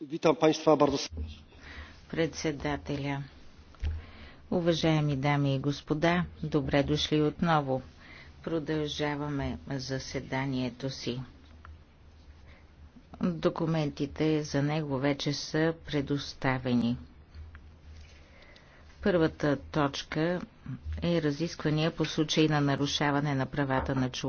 witam państwa bardzo serdecznie. председателя уважаеми дами и господа добре дошли отново продължаваме заседанието си документите за него вече са предоставени Първата точка е разисквания по случай на нарушаване на правата на човека.